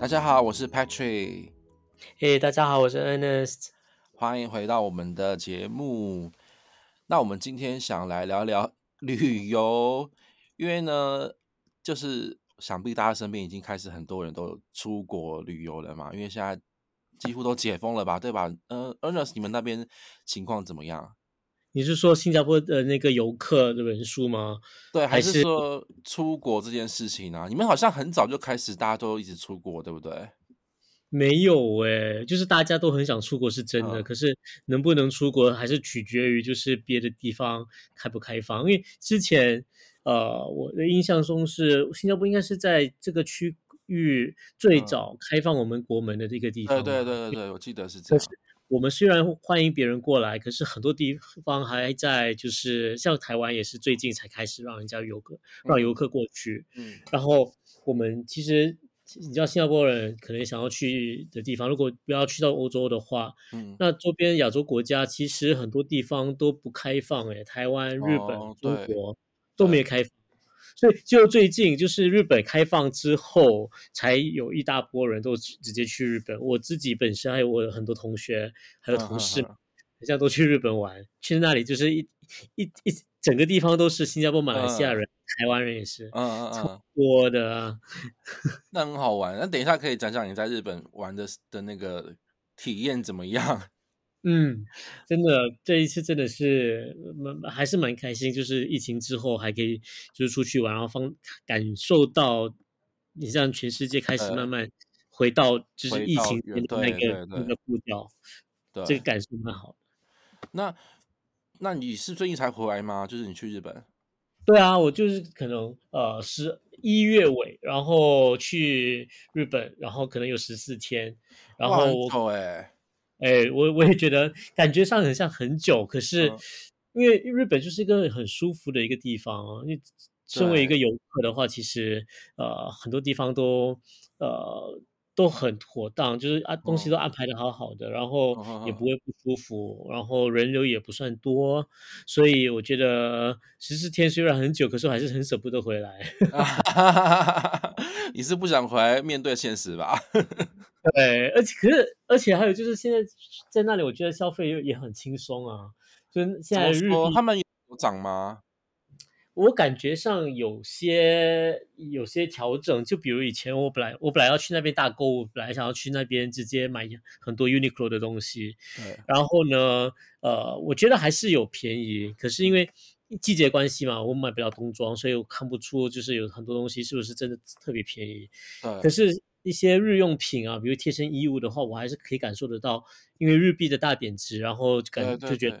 大家好，我是 Patrick。嘿，hey, 大家好，我是 Ernest。歡迎回到我們的節目。那我們今天想來聊聊旅遊，因為呢，就是想必大家身邊已經開始很多人都出國旅遊了嘛，因為現在幾乎都解封了吧，對吧？嗯、uh, Ernest 你們那邊情況怎麼樣？你是說新加坡的那個遊客的人數嗎？對，還是說出國這件事情啊？你們好像很早就開始，大家都一直出國，對不對？沒有誒、欸，就是大家都很想出國是真的，嗯、可是能不能出國還是取決於就是別的地方開不開放。因為之前呃，我的印象中是新加坡應該是在這個區域最早開放我們國門的一個地方。嗯、對，對對對對，我記得是這樣。我們雖然歡迎別人過來，可是很多地方還在，就是像台灣也是最近才開始讓人家遊客、嗯、讓遊客過去。嗯，然後我們其實你知道新加坡人可能想要去的地方，如果不要去到歐洲的話，嗯、那周邊亞洲國家其實很多地方都不開放誒、欸，台灣、日本、中、哦、國對都沒開放。最就最近就是日本開放之後，才有一大波人都直接去日本。我自己本身還有我有很多同學，還有同事，嗯、人家都去日本玩。嗯、去那裡就是一一一,一整個地方都是新加坡、馬來西亞人，嗯、台灣人也是，啊啊、嗯、啊，超多的、嗯。嗯、 那很好玩。那等一下可以講講你在日本玩的的那個體驗怎麼樣？嗯，真的，這一次真的是蠻還是蠻開心，就是疫情之後還可以就是出去玩，然後方感受到你像全世界開始慢慢回到就是疫情前的那個對對對那個步調，對對這個感受蠻好的。那那你是最近才回來嗎？就是你去日本？對啊，我就是可能呃十一月尾，然後去日本，然後可能有十四天，然後我。哎、欸，我我也覺得，感覺上很像很久，可是因為日本就是一個很舒服的一個地方，因為身為一個遊客的話，對其實呃很多地方都呃都很妥當，就是啊東西都安排得好好的，哦、然後也不會不舒服，哦哦哦然後人流也不算多，所以我覺得十四天雖然很久，可是我還是很捨不得回來。 你是不想回來面對現實吧？ 對，而且可是，而且還有就是，現在在那裡，我覺得消費也也很輕鬆啊。就現在日說，他們有漲嗎？我感覺上有些有些調整，就比如以前我本來我本來要去那邊大購物，本來想要去那邊直接買很多 Uniqlo 的東西。對然後呢，呃，我覺得還是有便宜，可是因為季節關係嘛，我買不了冬裝，所以我看不出就是有很多東西是不是真的特別便宜。對可是。一些日用品啊，比如貼身衣物的話，我還是可以感受得到，因為日幣的大貶值，然後感覺就覺得，對對對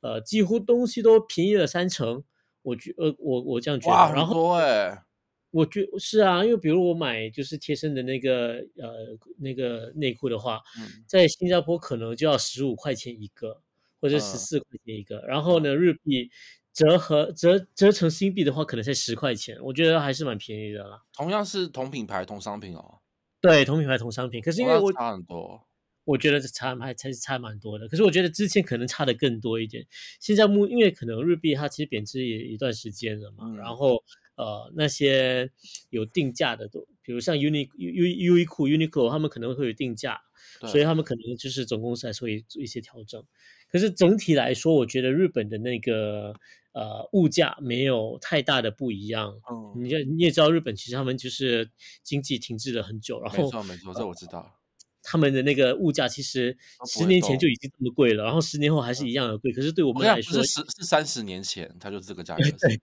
呃，幾乎東西都便宜了三成。我覺呃我我這樣覺得，哇然後對，欸、我覺得是啊，因為比如我買就是貼身的那個呃那個內褲的話，嗯、在新加坡可能就要十五塊錢一個或者十四塊錢一個，一個嗯、然後呢日幣折合折折成新幣的話，可能才十塊錢，我覺得還是蠻便宜的啦。同樣是同品牌同商品哦。對，同品牌同商品，可是因為我、哦、差很多，我覺得差還差差，差蠻多的。可是我覺得之前可能差的更多一點，現在目因為可能日幣它其實貶值也一段時間了嘛，嗯、然後呃那些有定價的都，比如像 Uniq U U U 衣庫、Uniqlo，他們可能會有定價，對所以他們可能就是總公司來說也做一些調整。可是總體來說，我覺得日本的那個。呃，物價沒有太大的不一樣。嗯，你你你也知道，日本其實他們就是經濟停滯了很久，然後沒錯沒錯，這我知道。呃，他們的那個物價其實十年前就已經這麼貴了，然後十年後還是一樣的貴。嗯，可是對我們來說，是是三十年前，它就是這個價錢， 對對，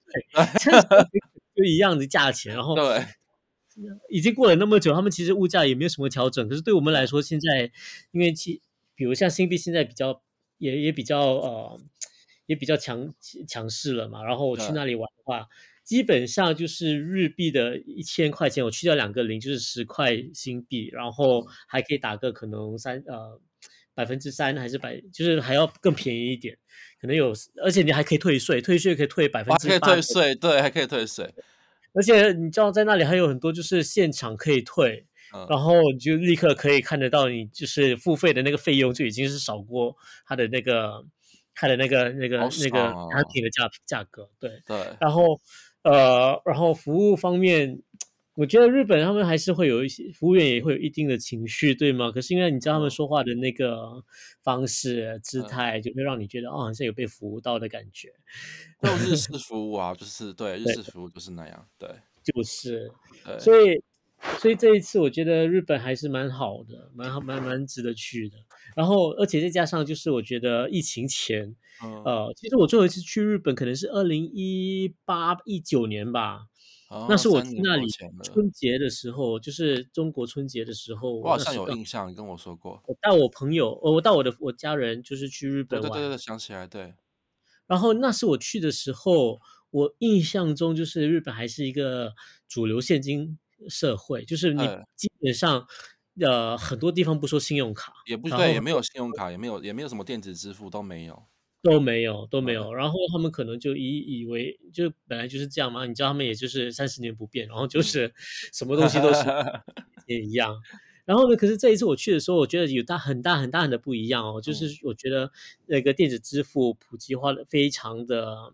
就一樣的價錢。 然後對，已經過了那麼久，他們其實物價也沒有什麼調整。可是對我們來說，現在因為其比如像新幣，現在比較也也比較呃，比較強強勢了嘛？然後我去那裡玩的話，對基本上就是日幣的一千塊錢，我去掉兩個零，就是十塊新幣，然後還可以打個可能三呃百分之三還是百，就是還要更便宜一點，可能有。而且你還可以退稅，退稅可以退百分之八，可以退稅對，還可以退稅。而且你知道，在那裡還有很多就是現場可以退，嗯、然後你就立刻可以看得到，你就是付費的那個費用就已經是少過它的那個。他的那個、那個、oh, 那個產品的價價格，對、oh, 對。對然後，呃，然後服務方面，我覺得日本他們還是會有一些服務員也會有一定的情緒，對嗎？可是因為你知道他們說話的那個方式、oh. 姿態，就會讓你覺得啊、哦，好像有被服務到的感覺。那種日式服務啊， 就是對日式服務就是那樣，對，就是，對所以。所以這一次我覺得日本還是蠻好的，蠻好，蠻蠻值得去的。然後，而且再加上就是，我覺得疫情前，嗯、呃，其實我最後一次去日本可能是二零一八一九年吧，哦、那是我去那裡春節的時候，就是中國春節的時候。我好像有印象，你跟我說過，我帶我朋友，呃，我帶我的我家人就是去日本玩。對，對對對，想起來，對。然後那是我去的時候，我印象中就是日本還是一個主流現金社會就是你基本上、嗯、呃很多地方不說信用卡也不後對，也沒有信用卡，也沒有也沒有什麼電子支付，都沒有都沒有都沒有、嗯、然後他們可能就以以為就本來就是這樣嘛，你知道他們也就是三十年不變，然後就是、嗯、什麼東西都是 也一樣。然後呢，可是這一次我去的時候我覺得有大很、大很大很大很的不一樣哦，就是我覺得那個電子支付普及化的非常的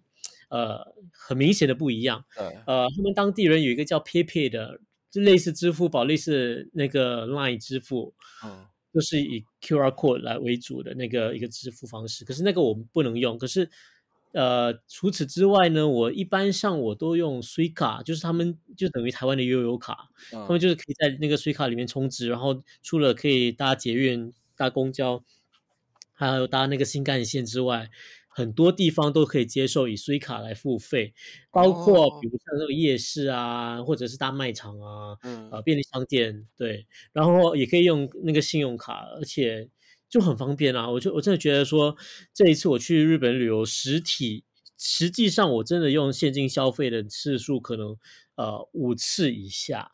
呃很明顯的不一樣、嗯、呃他們當地人有一個叫 PayPay 的。就類似支付寶，類似那個 Line 支付，嗯、就是以 QR code 來為主的那個一個支付方式。可是那個我們不能用。可是，呃，除此之外呢，我一般上我都用 Suica，就是他們就等於台灣的悠遊卡，嗯、他們就是可以在那個 Suica 裡面充值，然後除了可以搭捷運、搭公交，還有搭那個新幹線之外。很多地方都可以接受以 Suica 卡來付費，包括比如像那個夜市啊，或者是大賣場啊，呃，便利商店，對，然後也可以用那個信用卡，而且就很方便啊。我就我真的覺得說，這一次我去日本旅遊，實體實際上我真的用現金消費的次數可能呃五次以下，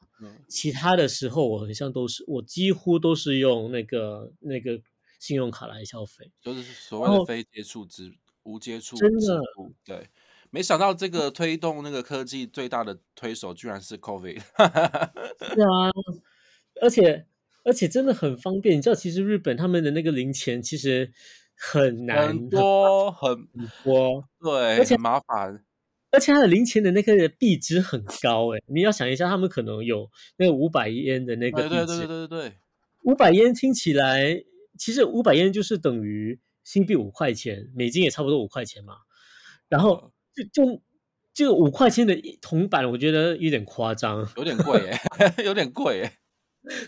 其他的時候我好像都是，我幾乎都是用那個那個信用卡來消費，就是所謂的非接觸支付。無接觸真的。對，沒想到這個推動那個科技，最大的推手居然是 COVID，是啊， 而且而且真的很方便，你知道，其實日本他們的那個零錢其實很難，多很多，對，而且很麻煩，而且他的零錢的那個幣值很高，欸，哎，你要想一下，他們可能有那個五百 y e 的那個幣值，對，對對對對對，五百 y e 聽起來，其實五百 y e 就是等於。新幣五塊錢，美金也差不多五塊錢嘛，然後就就就五塊錢的銅板，我覺得有點誇張，有點貴耶， 有點貴耶。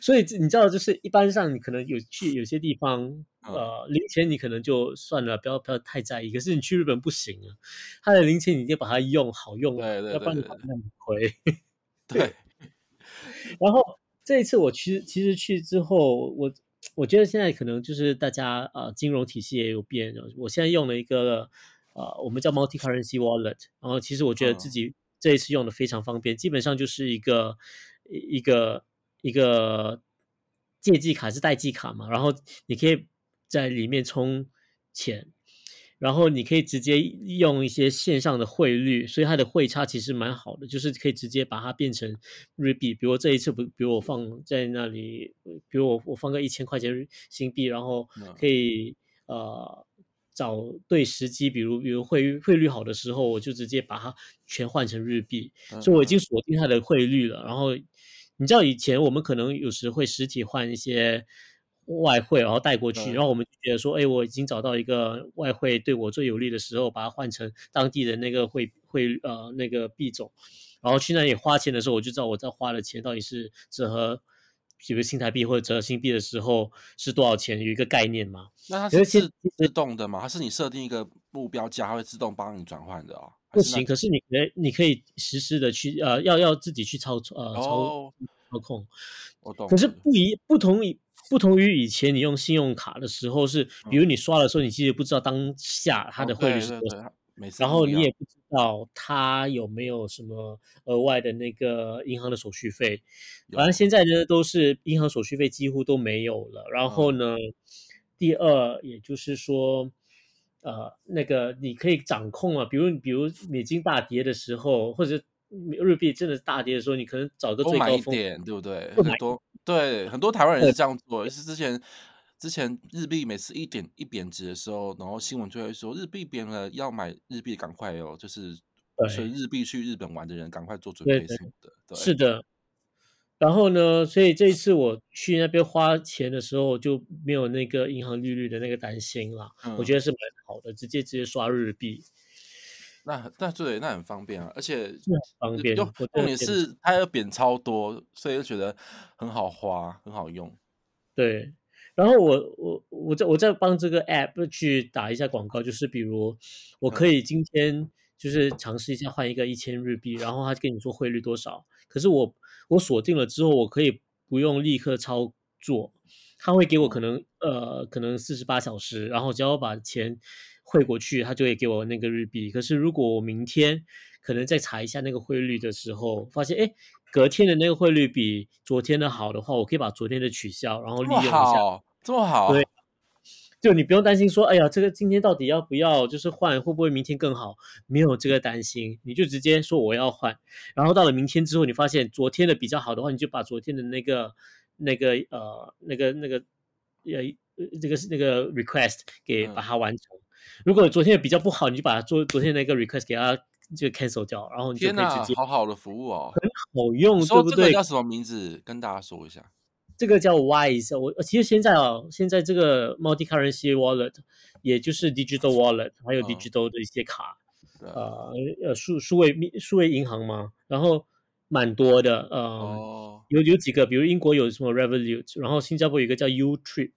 所以你知道，就是一般上你可能有去有些地方，呃，零錢你可能就算了，不要不要太在意。可是你去日本不行啊，他的零錢你就把它用好用好，要幫你換回。對。然後這一次我其實其實去之後我。我覺得現在可能就是大家呃，金融體系也有變。我現在用了一個呃，我們叫 multi currency wallet，然後其實我覺得自己這一次用的非常方便，哦、基本上就是一個一個一個借記卡，是貸記卡嘛，然後你可以在裡面充錢。然後你可以直接用一些線上的匯率，所以它的匯差其實蠻好的，就是可以直接把它變成日幣。比如這一次，不，比如我放在那裡，比如我我放個一千塊錢新幣，然後可以、嗯、呃找對時機，比如比如匯匯率好的時候，我就直接把它全換成日幣，嗯嗯所以我已經鎖定它的匯率了。然後你知道以前我們可能有時會實體換一些。外匯，然後帶過去，嗯、然後我們覺得說，哎，我已經找到一個外匯對我最有利的時候，把它換成當地的那個匯匯呃那個幣種，然後去那裡花錢的時候，我就知道我在花的錢到底是折合比如新台幣或者折合新幣的時候是多少錢，有一個概念嗎？那它是自，其實自動的嗎？它是你設定一個目標價，它會自動幫你轉換的哦。不行，是可是你可你可以實時的去呃要要自己去操呃操、哦、操控。我懂。可是不一不同於。不同於以前，你用信用卡的時候是，比如你刷的時候，你其實不知道當下它的匯率是多少，然後你也不知道它有沒有什麼額外的那個銀行的手續費。反正現在呢，都是銀行手續費幾乎都沒有了。然後呢，第二，也就是說，呃，那個你可以掌控啊，比如你比如美金大跌的時候，或者是日幣真的大跌的時候，你可能找個最高峰，多買一點，對不對？會很多。對，很多台灣人是這樣做。就對是之前，之前日幣每次一點一貶值的時候，然後新聞就會說日幣貶了，要買日幣趕快哦，就是所以日幣去日本玩的人對趕快做準備什麼的。對，對是的。對然後呢，所以這一次我去那邊花錢的時候就沒有那個銀行利率的那個擔心了。嗯，我覺得是蠻好的，直接直接刷日幣。那那對，那很方便啊，而且很方便，重點是它要扁超多，所以就覺得很好花，很好用。對，然後我我我再我再幫這個 app 去打一下廣告，就是比如我可以今天就是嘗試一下換一個一千日幣，嗯、然後它給你做匯率多少？可是我我鎖定了之後，我可以不用立刻操作，他會給我可能呃可能四十八小時，然後只要我把錢。匯過去，他就會給我那個日幣。可是如果我明天可能再查一下那個匯率的時候，發現哎，隔天的那個匯率比昨天的好的話，我可以把昨天的取消，然後利用一下。這麼好？這麼好。對。就你不用擔心說，哎呀，這個今天到底要不要？就是換會不會明天更好？沒有這個擔心，你就直接說我要換。然後到了明天之後，你發現昨天的比較好的話，你就把昨天的那個、那個、呃、那個、那個呃、這個是那個 request 給把它完成。嗯如果昨天比較不好，你就把它昨昨天那個 request 給它就 cancel 掉，然後你就可以直接，啊，好好的服務哦，很好用，對不對？這個叫什麼名字？跟大家說一下，這個叫 Wise。我其實現在啊，哦，現在這個 multi currency wallet，也就是 digital wallet，還有 digital 的一些卡，哦，呃呃數數位數位銀行嘛，然後蠻多的，呃，哦，有有幾個，比如英國有什麼 Revolut，然後新加坡有一個叫 Utrip，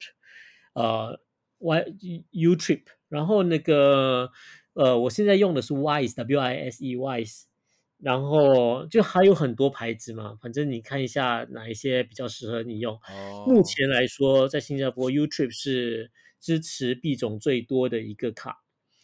呃。YouTrip，然後那個呃，我現在用的是 Wise w, ISE, w i s e Wise，然後就還有很多牌子嘛，反正你看一下哪一些比較適合你用。Oh. 目前來說，在新加坡 YouTrip 是支持幣種最多的一個卡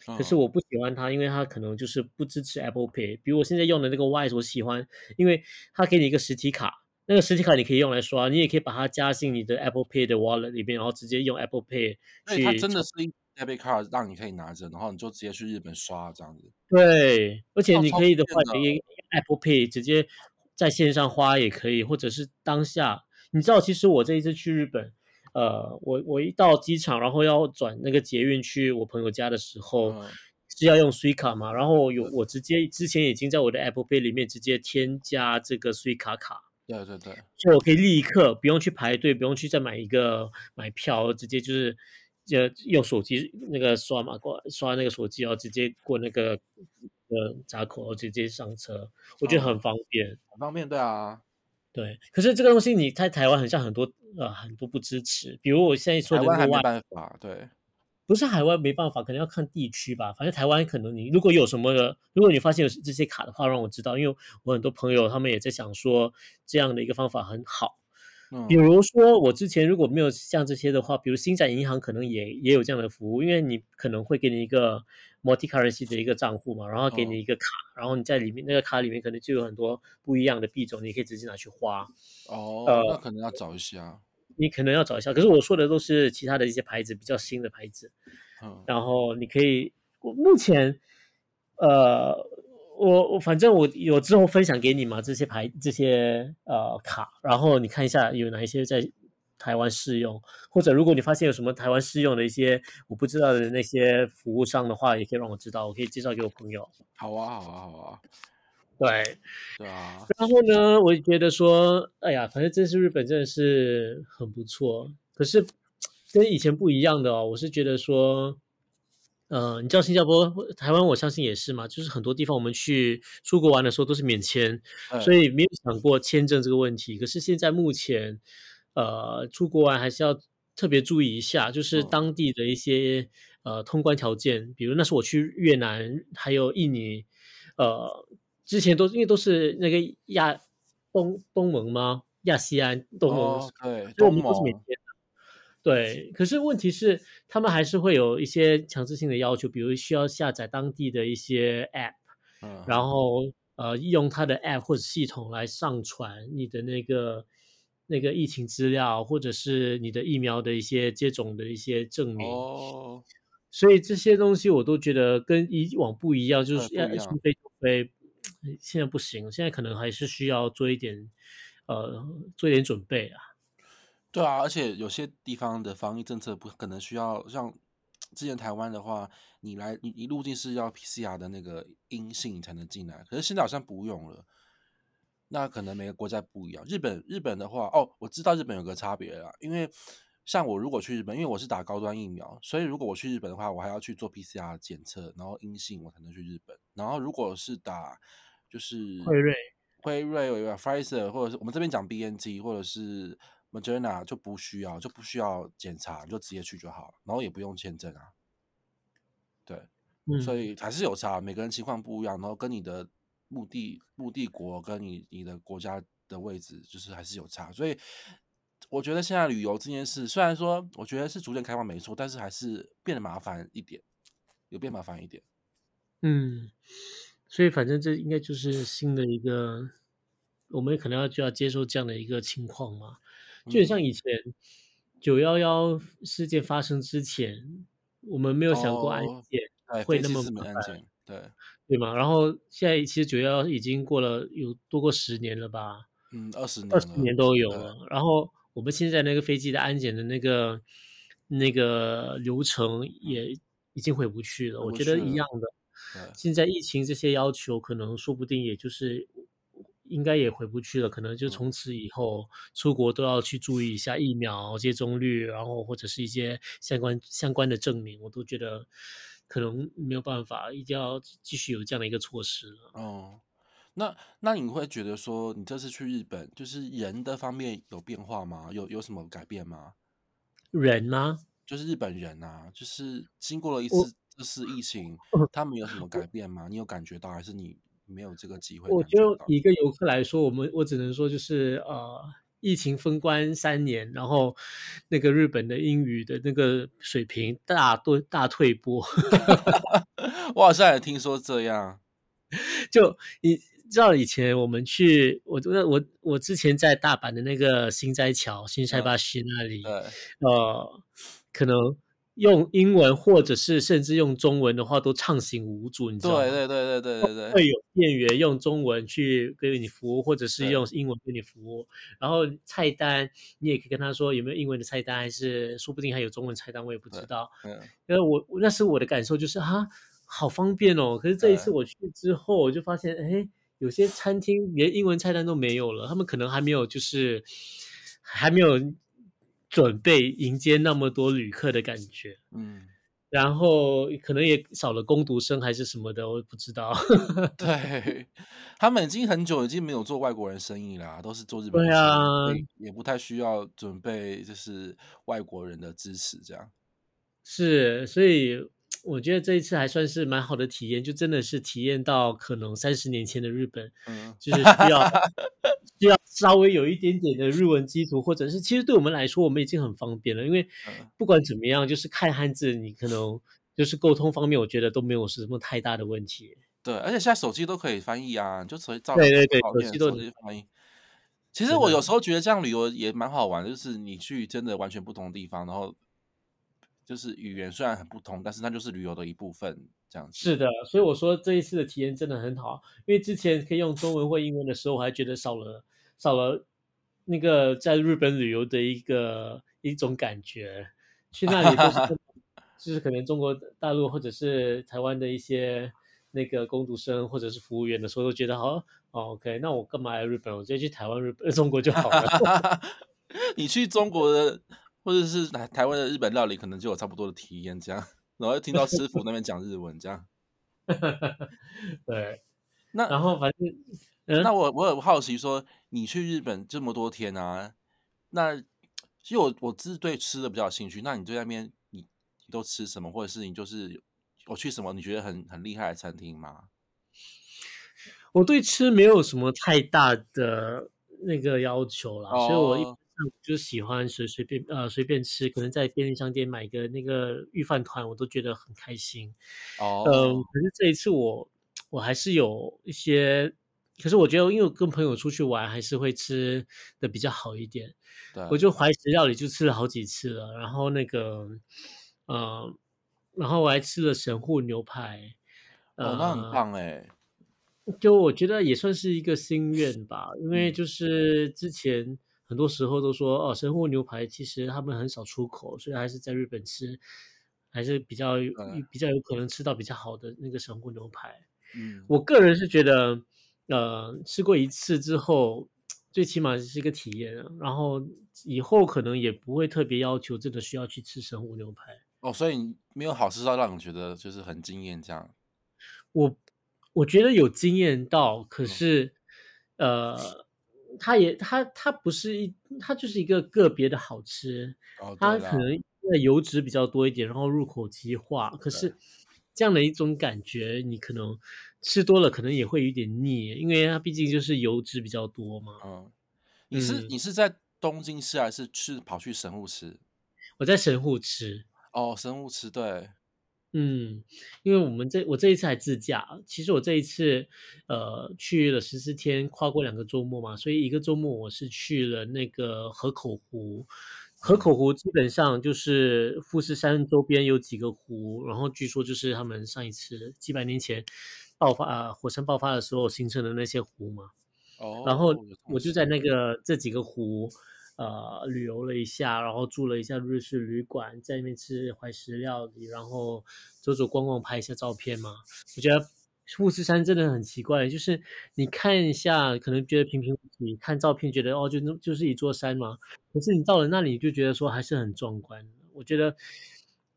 ，oh. 可是我不喜歡它，因為它可能就是不支持 Apple Pay。比如我現在用的那個 Wise，我喜歡，因為它給你一個實體卡。那個實體卡你可以用來刷，你也可以把它加進你的 Apple Pay 的 Wallet 裡面，然後直接用 Apple Pay。對，它真的是一 Apple Card，讓你可以拿着，然後你就直接去日本刷這樣子。對，而且你可以的話，可以 Apple Pay 直接在線上花也可以，或者是當下。你知道，其實我這一次去日本，呃，我我一到機場，然後要轉那個捷運去我朋友家的時候，嗯、是要用 Suica 卡嘛，然後有的我直接之前已經在我的 Apple Pay 裡面直接添加這個 Suica 卡。對、yeah, 對對，所以我可以立刻不用去排隊，不用去再買一個買票，直接就是，呃，用手機那個刷碼過，刷那個手機哦，然後直接過那個呃閘口，直接上車，我覺得很方便，oh, 很方便，對啊，對。可是這個東西你在台灣很像很多呃很多不支持，比如我現在說的。台灣還沒辦法，對。不是海外沒辦法，可能要看地區吧。反正台灣可能你如果有什麼的，如果你發現有這些卡的話，讓我知道，因為我很多朋友他們也在想說這樣的一個方法很好。嗯，比如說我之前如果沒有像這些的話，比如星展銀行可能也也有這樣的服務，因為你可能會給你一個 multi currency 的一個賬戶嘛，然後給你一個卡，哦，然後你在裡面那個卡裡面可能就有很多不一樣的幣種，你可以直接拿去花。哦，呃，那可能要找一下。你可能要找一下，可是我說的都是其他的一些牌子，比較新的牌子。嗯，然後你可以，我目前，呃，我我反正我有之後分享給你嘛，這些牌這些呃卡，然後你看一下有哪一些在台灣試用，或者如果你發現有什麼台灣試用的一些我不知道的那些服務商的話，也可以讓我知道，我可以介紹給我朋友。好啊，好啊，好啊。對，對啊，然後呢，我就覺得說，哎呀，反正真是日本，真的是很不錯。可是跟以前不一樣的哦。我是覺得說，呃，你知道新加坡、台灣，我相信也是嘛，就是很多地方我們去出國玩的時候都是免簽，哎、呀所以沒有想過簽證這個問題。可是現在目前，呃，出國玩還是要特別注意一下，就是當地的一些、哦、呃通關條件。比如那時候我去越南，還有印尼，呃。之前都因為都是那個亞東東盟嗎？亞細安東盟，對，東盟不是緬甸，對。可是問題是，他們還是會有一些強制性的要求，比如需要下載當地的一些 App，然後呃用它的 App 或者系統來上傳你的那個那個疫情資料，或者是你的疫苗的一些接種的一些證明。哦，所以這些東西我都覺得跟以往不一樣，就是除非除非。現在不行，現在可能還是需要做一點，呃，做一點準備啊。對啊，而且有些地方的防疫政策不，可能需要像之前台灣的話，你來你入境是要 PCR 的那個陰性才能進來，可是現在好像不用了。那可能每個國家不一樣。日本日本的話，哦，我知道日本有個差別啦，因為像我如果去日本，因為我是打高端疫苗，所以如果我去日本的話，我還要去做 PCR 檢測，然後陰性我才能去日本。然後如果是打。就是輝瑞、輝瑞、或者 Pfizer，或者是我們這邊講 B N T，或者是 Moderna 就不需要，就不需要檢查，你就直接去就好了，然後也不用簽證啊。對，嗯、所以還是有差，每個人情況不一樣，然後跟你的目的目的國跟你你的國家的位置，就是還是有差。所以我覺得現在旅遊這件事，雖然說我覺得是逐漸開放沒錯，但是還是變得麻煩一點，有變麻煩一點。嗯。所以，反正這應該就是新的一個，我們可能要就要接受這樣的一個情況嘛。就很像以前九幺幺事件發生之前，我們沒有想過安檢會那麼麻煩，對，對吧？然後現在其實九幺幺已經過了有多過十年了吧？嗯，二十年二十年，都有了。然後我們現在那個飛機的安檢的那個那個流程也已經回不去了，我覺得一樣的。對，現在疫情這些要求，可能說不定也就是應該也回不去了，可能就從此以後出國都要去注意一下疫苗接種率，然後或者是一些相關相關的證明，我都覺得可能沒有辦法，一定要繼續有這樣的一個措施。哦，那那你會覺得說，你這次去日本，就是人的方面有變化嗎？有有什麼改變嗎？人啊？就是日本人啊，就是經過了一次。這是疫情，他們有什麼改變嗎？你有感覺到，還是你沒有這個機會？我覺得一個遊客來說，我們我只能說就是呃，疫情封關三年，然後那個日本的英語的那個水平大多大，大退步。 我好像也聽說這樣，就你知道以前我們去，我覺得我我之前在大阪的那個心齋橋新哉巴士那裡，嗯、呃，可能。用英文或者是甚至用中文的話都暢行無阻，你知道嗎？對對對對對對對，會有店員用中文去給你服務，或者是用英文給你服務。嗯、然後菜單你也可以跟他說有沒有英文的菜單，還是說不定還有中文菜單，我也不知道嗯。嗯，因為我那時我的感受就是啊，好方便哦。可是這一次我去之後，我就發現、嗯、哎，有些餐廳連英文菜單都沒有了，他們可能還沒有就是還沒有。準備迎接那麼多旅客的感覺。嗯，然後可能也少了工讀生還是什麼的，我也不知道。 對，他們已經很久已經沒有做外國人生意啦，啊，都是做日本人，對啊，也不太需要準備就是外國人的支持這樣。是，所以我覺得這一次還算是蠻好的體驗，就真的是體驗到可能三十年前的日本，嗯，就是需要 需要。稍微有一點點的日文基礎，或者是其實對我們來說，我們已經很方便了。因為不管怎麼樣，嗯、就是看漢字，你可能就是溝通方面，我覺得都沒有什麼太大的問題。對，而且現在手機都可以翻譯啊，就所以照樣的對對對，驗手機都可以翻譯。其實我有時候覺得這樣旅遊也蠻好玩，是的就是你去真的完全不同的地方，然後就是語言雖然很不同，但是它就是旅遊的一部分。這樣子是的，所以我說這一次的體驗真的很好，因為之前可以用中文或英文的時候，我還覺得少了。少了那個在日本旅遊的一個一種感覺，去那裡都是 就是可能中國大陸或者是台灣的一些那個工讀生或者是服務員的時候都覺得好，好，OK，那我幹嘛來日本？我直接去台灣、日本、中國就好了。 你去中國的或者是來台灣的日本料理，可能就有差不多的體驗，這樣，然後又聽到師傅那邊講日文，這樣。 對，那然後反正，那，嗯，那我我很好奇說。你去日本這麼多天啊，那其實我我只對吃的比較有興趣。那你對那邊你，你你都吃什麼，或者是你就是我去什麼你覺得很很厲害的餐廳嗎？我對吃沒有什麼太大的那個要求啦。Oh. 所以我一般上就喜歡隨隨便呃隨便吃，可能在便利商店買個那個御飯糰，我都覺得很開心。哦，嗯，可是這一次我我還是有一些。可是我覺得，因為我跟朋友出去玩，還是會吃的比較好一點。對我就懷石料理就吃了好幾次了，然後那個，嗯、呃，然後我還吃了神戶牛排，哦，呃、那很棒哎、欸！就我覺得也算是一個心願吧，因為就是之前很多時候都說、嗯、哦，神戶牛排其實他們很少出口，所以還是在日本吃，還是比較、嗯、比較有可能吃到比較好的那個神戶牛排。嗯，我個人是覺得。呃，吃過一次之後，最起碼是一個體驗。然後以後可能也不會特別要求真的需要去吃神戶牛排。哦，所以沒有好吃到讓你覺得就是很驚豔這樣？我我覺得有驚豔到，可是、嗯、呃，它也它它不是一，它就是一個個別的好吃，哦的啊、它可能那油脂比較多一點，然後入口即化，的可是。這樣的一種感覺，你可能吃多了，可能也會有點膩，因為它畢竟就是油脂比較多嘛。嗯，你是你是在東京吃還是去跑去神戶吃？我在神戶吃。哦，神戶吃，對，嗯，因為我們這我這一次還自駕，其實我這一次呃去了十四天，跨過兩個周末嘛，所以一個周末我是去了那個河口湖。河口湖基本上就是富士山周邊有幾個湖，然後據說就是他們上一次幾百年前爆發、啊、火山爆發的時候形成的那些湖嘛。哦，然後我就在那個、嗯、這幾個湖，呃，旅遊了一下，然後住了一下日式旅館，在那邊吃懷石料理，然後走走逛逛，拍一下照片嘛。我覺得。富士山真的很奇怪，就是你看一下，可能覺得平平無奇；看照片覺得哦，就那就是一座山嘛。可是你到了那裡，就覺得說還是很壯觀。我覺得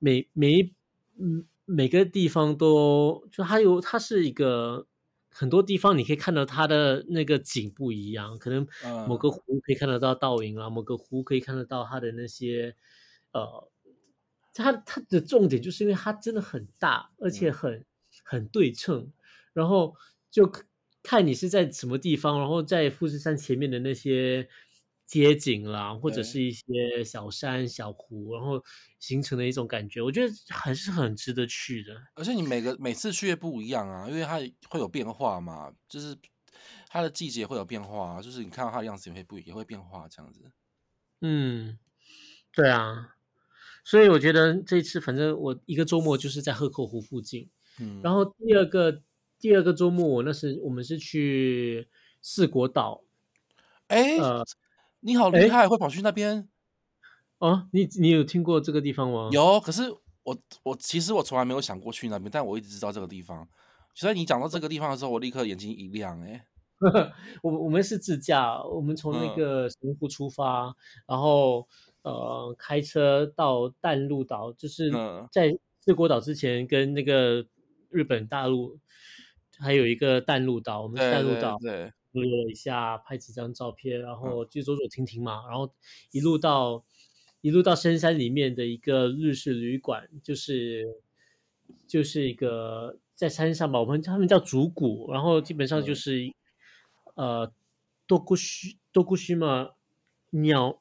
每每一嗯每個地方都，就它有它是一個很多地方你可以看到它的那個景不一樣，可能某個湖可以看得到倒影啊，嗯、某個湖可以看得到它的那些呃，它它的重點就是因為它真的很大，而且很、嗯、很對稱。然後就看你是在什麼地方，然後在富士山前面的那些街景啦，或者是一些小山、小湖，然後形成的一種感覺，我覺得還是很值得去的。而且你每個每次去也不一樣啊，因為它會有變化嘛，就是它的季節會有變化啊，就是你看到它的樣子也會不也會變化這樣子。嗯，對啊，所以我覺得這次反正我一個週末就是在河口湖附近，嗯，然後第二個。第二個週末，我那是我們是去四國島，哎、欸，呃、你好厲害，欸、會跑去那邊啊？你你有聽過這個地方嗎？有，可是我我其實我從來沒有想過去那邊，但我一直知道這個地方。所以你講到這個地方的時候，我立刻眼睛一亮，欸。我我們是自駕，我們從那個神戶出發，嗯、然後呃開車到淡路島，就是在四國島之前跟那個日本大陸。嗯還有一個淡路島，我們是淡路島錄對對對了一下，拍幾張照片，然後就走走停停嘛，嗯、然後一路到一路到深山裡面的一個日式旅館，就是就是一個在山上吧，我們他們叫竹谷，然後基本上就是、嗯、呃多古須多古須嘛鳥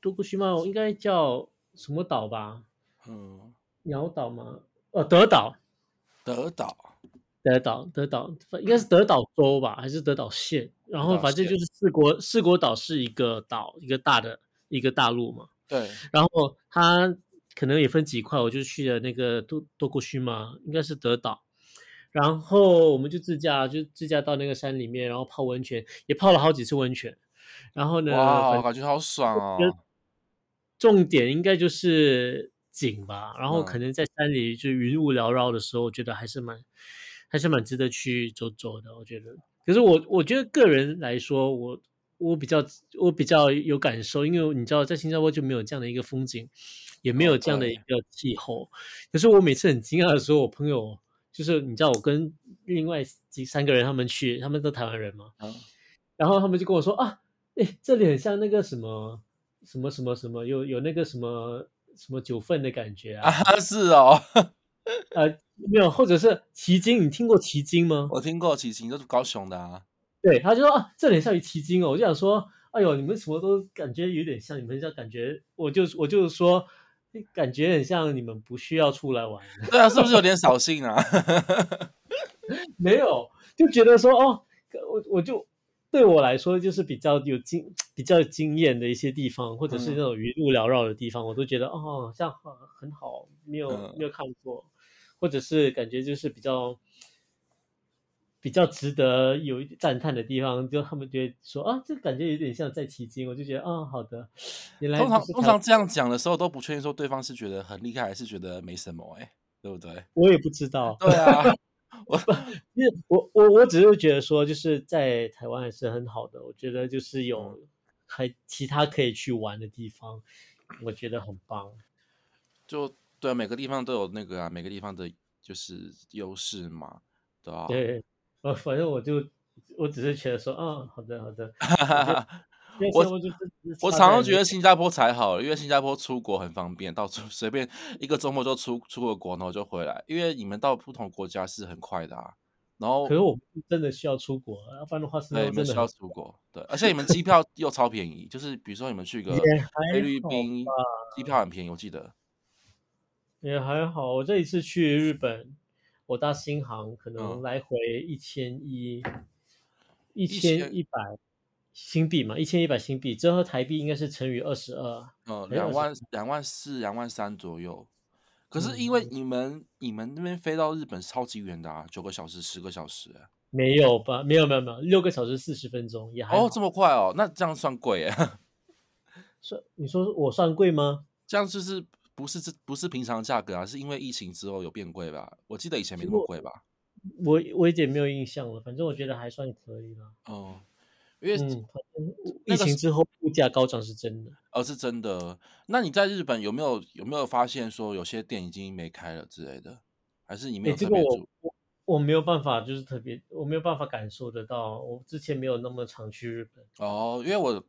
多古須嘛，我應該叫什麼島吧？嗯，鳥島嗎？呃、嗯哦，德島。德島。德島，德島應該是德島州吧，還是德島縣？然後反正就是四國，四國島是一個島，一個大的一個大陸嘛。對。然後它可能也分幾塊，我就去了那個多多國郡嘛，應該是德島。然後我們就自駕，就自駕到那個山裡面，然後泡溫泉，也泡了好幾次溫泉。然後呢，我哇正感覺好爽啊、哦！重點應該就是景吧，然後可能在山裡就雲霧繚繞的時候，嗯、我覺得還是蠻。還是蠻值得去走走的，我覺得。可是我，我覺得個人來說，我我比較，我比較有感受，因為你知道，在新加坡就沒有這樣的一個風景，也沒有這樣的一個氣候。Oh, 對可是我每次很驚訝的時候，我朋友就是你知道，我跟另外幾三個人他們去，他們都台灣人嘛，oh. 然後他們就跟我說啊，哎，這裡很像那個什麼什麼什麼什麼，有有那個什麼什麼九份的感覺啊， 是哦。呃，沒有，或者是旗津，你聽過旗津嗎？我聽過旗津，都是高雄的啊。對，他就說啊，這裡像於旗津哦，我就想說，哎呦，你們什麼都感覺有點像，你們這樣感覺，我就我就是說，感覺很像你們不需要出來玩。對啊，是不是有點掃興啊？ 沒有，就覺得說哦，我我就對我來說就是比較有經比較驚艷的一些地方，或者是那種雲霧繚繞的地方，嗯、我都覺得哦，像很、啊、很好，沒有沒有看過。嗯或者是感覺就是比較比較值得有一點讚嘆的地方，就他們覺得說啊，這感覺有點像在騎鯨，我就覺得嗯、哦，好的。原來通常通常這樣講的時候都不確定說對方是覺得很厲害還是覺得沒什麼哎、欸，對不對？我也不知道。對啊， 我我我我只是覺得說就是在台灣還是很好的，我覺得就是有還其他可以去玩的地方，我覺得很棒。就。對啊，每個地方都有那個啊，每個地方的就是優勢嘛，對吧？對，反正我就我只是覺得說，啊、哦，好的好的，我 我，的我常常覺得新加坡才好， 因為新加坡出國很方便，到處隨便一個周末就出出個國，然後就回來。因為你們到不同國家是很快的啊。然後可是我真的需要出國、啊，不然的話是真的需要出國。 對，而且你們機票又超便宜， 就是比如說你們去個菲律賓，機票很便宜，我記得。也還好，我這一次去日本，我搭新航，可能來回一千一，一千一百新幣嘛，一千一百新幣，折合台幣應該是乘以二十二、嗯、二十二，哦，兩萬兩萬四兩萬三左右。可是因為你們、嗯、你們那邊飛到日本超級遠的啊，九個小時十個小時。小時沒有吧？沒有沒有沒有，六個小時四十分鐘也還好。哦，這麼快哦？那這樣算貴啊？算？ 你說我算貴嗎？這樣就是。不是這不是平常價格啊，是因為疫情之後有變貴吧？我記得以前沒那麼貴吧？我我，我一點沒有印象了，反正我覺得還算可以了。哦，因為、嗯那個、疫情之後物價高漲是真的，哦，是真的。那你在日本有沒有有沒有發現說有些店已經沒開了之類的？還是你沒有特別住？誒、欸，這個、我我，我沒有辦法，就是特別我沒有辦法感受得到。我之前沒有那麼常去日本。哦，因為我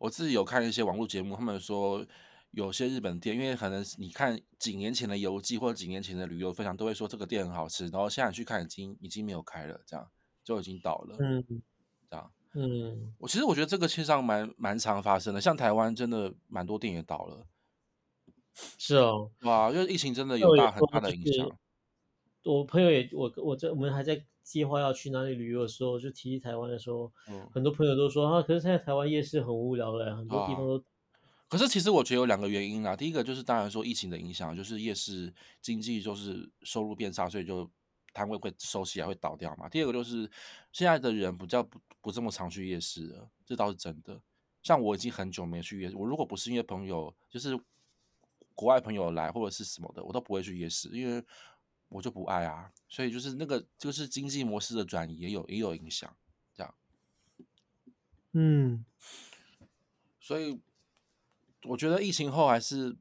我自己有看一些網絡節目，他們說。有些日本店，因為可能你看幾年前的遊記或者幾年前的旅遊分享，都會說這個店很好吃，然後現在去看已經已經沒有開了，這樣就已經倒了。嗯，這樣，嗯，我其實我覺得這個現象蠻蠻常發生的，像台灣真的蠻多店也倒了。是哦，哇，就是疫情真的有大很大的影響。我朋友也，我我這我們還在計劃要去哪裡旅遊的時候，就提起台灣的時候，很多朋友都說啊，可是現在台灣夜市很無聊了，很多地方都。可是其實我覺得有兩個原因啦、啊。第一個就是當然說疫情的影響，就是夜市經濟就是收入變差，所以就攤位會收起來，會倒掉嘛。第二個就是現在的人比較不不這麼常去夜市了，這倒是真的。像我已經很久沒去夜市，我如果不是因為朋友，就是國外朋友來或者是什麼的，我都不會去夜市，因為我就不愛啊。所以就是那個就是經濟模式的轉移也有也有影響，這樣。嗯，所以。我覺得疫情後還是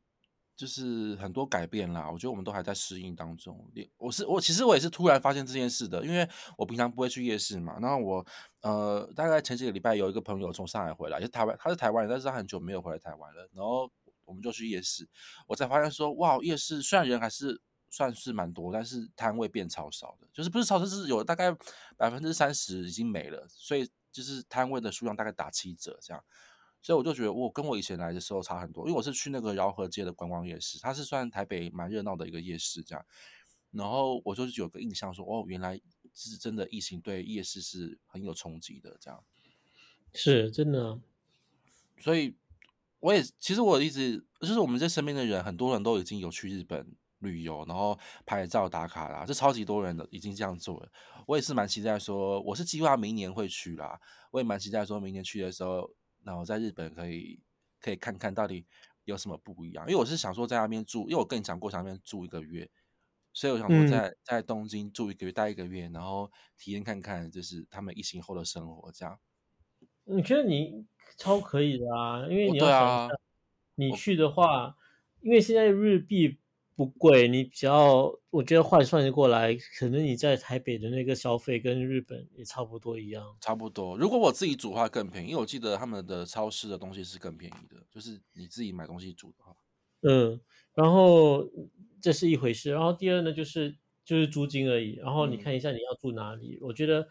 就是很多改變啦。我覺得我們都還在適應當中。我是我其實我也是突然發現這件事的，因為我平常不會去夜市嘛。然後我呃大概前幾個禮拜有一個朋友從上海回來，也是台灣，他是台灣人，但是他很久沒有回來台灣了。然後我們就去夜市，我才發現說，哇，夜市雖然人還是算是蠻多，但是攤位變超少的，就是不是超市是有大概百分之三十已經沒了，所以就是攤位的數量大概打七折這樣。所以我就覺得我跟我以前來的時候差很多，因為我是去那個饒河街的觀光夜市，它是算台北蠻熱鬧的一個夜市這樣。然後我就是有個印象說，哦，原來是真的疫情對夜市是很有衝擊的這樣。是，真的啊，所以我也其實我一直就是我們這身邊的人，很多人都已經有去日本旅遊，然後拍照打卡啦，這超級多人的已經這樣做了。我也是蠻期待說，我是計劃明年會去啦，我也蠻期待說明年去的時候。然後在日本可以可以看看到底有什麼不一樣，因為我是想說在那邊住，因為我更想過想在那邊住一個月，所以我想說在、嗯、在東京住一個月待一個月，然後體驗看看就是他們疫情後的生活這樣。你覺得你超可以的啊，因為你要想，對啊、你去的話，我因為現在日幣。不貴，你只要，我覺得換算過來，可能你在台北的那個消費跟日本也差不多一樣。差不多，如果我自己煮的話更便宜，因為我記得他們的超市的東西是更便宜的，就是你自己買東西煮的話。嗯，然後這是一回事，然後第二呢就是就是租金而已，然後你看一下你要住哪裡，嗯、我覺得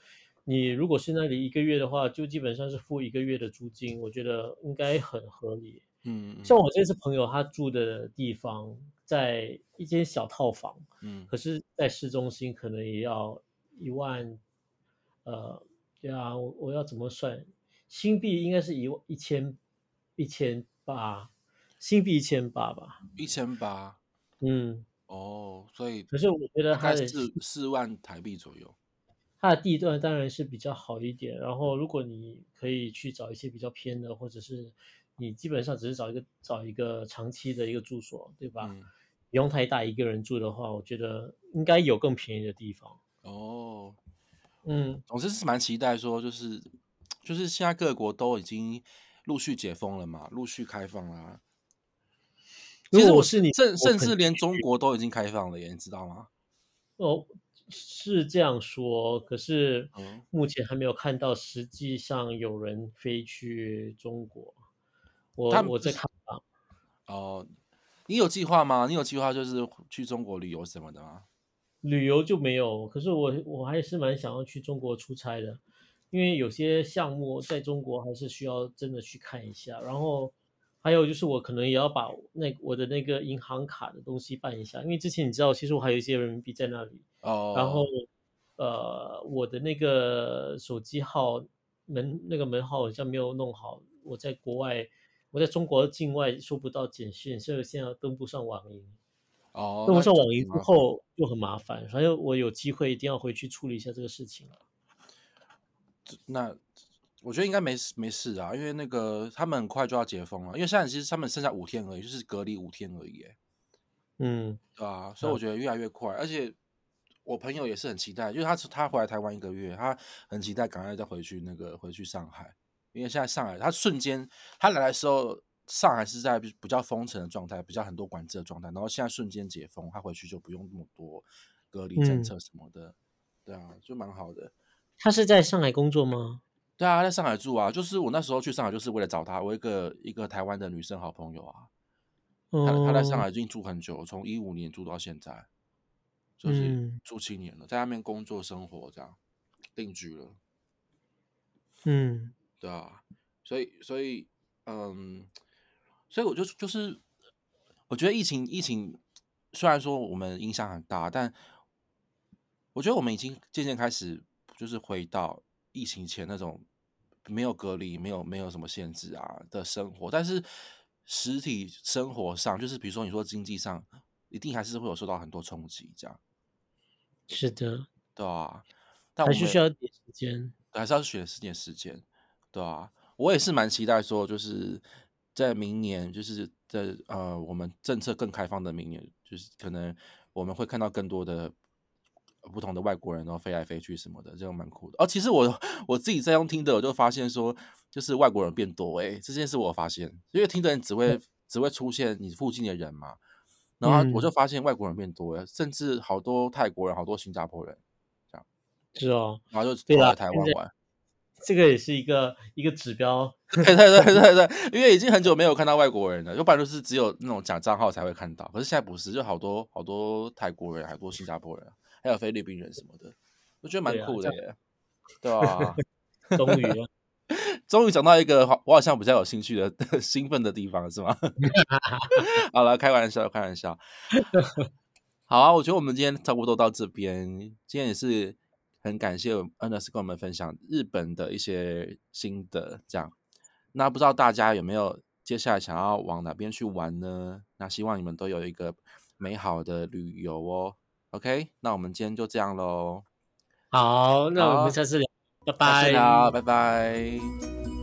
你如果是那裡一個月的話，就基本上是付一個月的租金，我覺得應該很合理。嗯，像我這次朋友他住的地方。在一間小套房，嗯，可是，在市中心可能也要一萬，呃，對啊，我我要怎麼算？新幣應該是一萬一千，一千八，新幣一千八吧，一千八，嗯，哦，所以，可是我覺得它是四萬台幣左右，它的地段當然是比較好一點。然後，如果你可以去找一些比較偏的，或者是你基本上只是找一個找一個長期的一個住所，對吧？嗯不用太大，一個人住的話，我覺得應該有更便宜的地方哦。嗯，我真是蠻期待說，說就是，就是現在各國都已經陸續解封了嘛，陸續開放啦。其實我，我是你甚，甚至連中國都已經開放了耶，你知道嗎？哦，是這樣說，可是目前還沒有看到實際上有人飛去中國。嗯、我他我在看啊。哦、呃。你有計劃嗎？你有計劃就是去中國旅遊什麼的嗎？旅遊就沒有，可是我我還是蠻想要去中國出差的，因為有些項目在中國還是需要真的去看一下。然後還有就是我可能也要把那我的那個銀行卡的東西辦一下，因為之前你知道，其實我還有一些人民幣在那裡。哦。Oh. 然後呃，我的那個手機號門那個門號好像沒有弄好，我在國外。我在中國境外收不到簡訊，所以現在登不上網銀。哦，登不上網銀之後就很麻煩，所以我有機會一定要回去處理一下這個事情。那我覺得應該沒事沒事啊，因為那個他們很快就要解封了，因為現在其實他們剩下五天而已，就是隔離五天而已。嗯啊，所以我覺得越來越快，嗯、而且我朋友也是很期待，因為他是他回來台灣一個月，他很期待趕快再回去那個回去上海。因為現在上海，他瞬間他來的時候，上海是在比，比較封城的狀態，比較很多管制的狀態。然後現在瞬間解封，他回去就不用那麼多隔離政策什麼的，嗯、對啊，就蠻好的。他是在上海工作嗎？對啊，他在上海住啊。就是我那時候去上海，就是為了找他，我一個一個台灣的女生好朋友啊。哦、他他在上海已經住很久，從一五年住到現在，就是住七年了，嗯、在那邊工作生活這樣定居了。嗯。對啊，所以所以嗯，所以我就就是，我覺得疫情疫情雖然說我們影響很大，但我覺得我們已經漸漸開始就是回到疫情前那種沒有隔離、沒有沒有什麼限制啊的生活。但是實體生活上，就是比如說你說經濟上，一定還是會有受到很多衝擊這樣。是的，對啊，但我們還是需要點時間，還是要選時間時間。對啊，我也是蠻期待說，就是在明年，就是在呃，我們政策更開放的明年，就是可能我們會看到更多的不同的外國人哦，飛來飛去什麼的，這樣蠻酷的。哦，其實我我自己在用 Tinder，我就發現說，就是外國人變多誒、欸，這件事我發現，因為 Tinder 只會、嗯、只會出現你附近的人嘛，然後我就發現外國人變多了，甚至好多泰國人，好多新加坡人，這樣是哦，然後就飛來台灣玩。這個也是一個一個指標， 對對對對對，因為已經很久沒有看到外國人了，要不然就是只有那種假帳號才會看到，可是現在不是，就好多好多泰國人，好多新加坡人，還有菲律賓人什麼的，我覺得蠻酷的，對啊，終於了， 終於講到一個我好像比較有興趣的 興奮的地方是嗎？ 好了，開玩笑，開玩笑，好啊，我覺得我們今天差不多到這邊，今天也是。很感謝我們 Ernest 跟我們分享日本的一些心得，這樣。那不知道大家有沒有接下來想要往哪邊去玩呢？那希望你們都有一個美好的旅遊哦。OK，那我們今天就這樣嘍。好，好，那我們下次聊，拜拜，嗯、拜拜。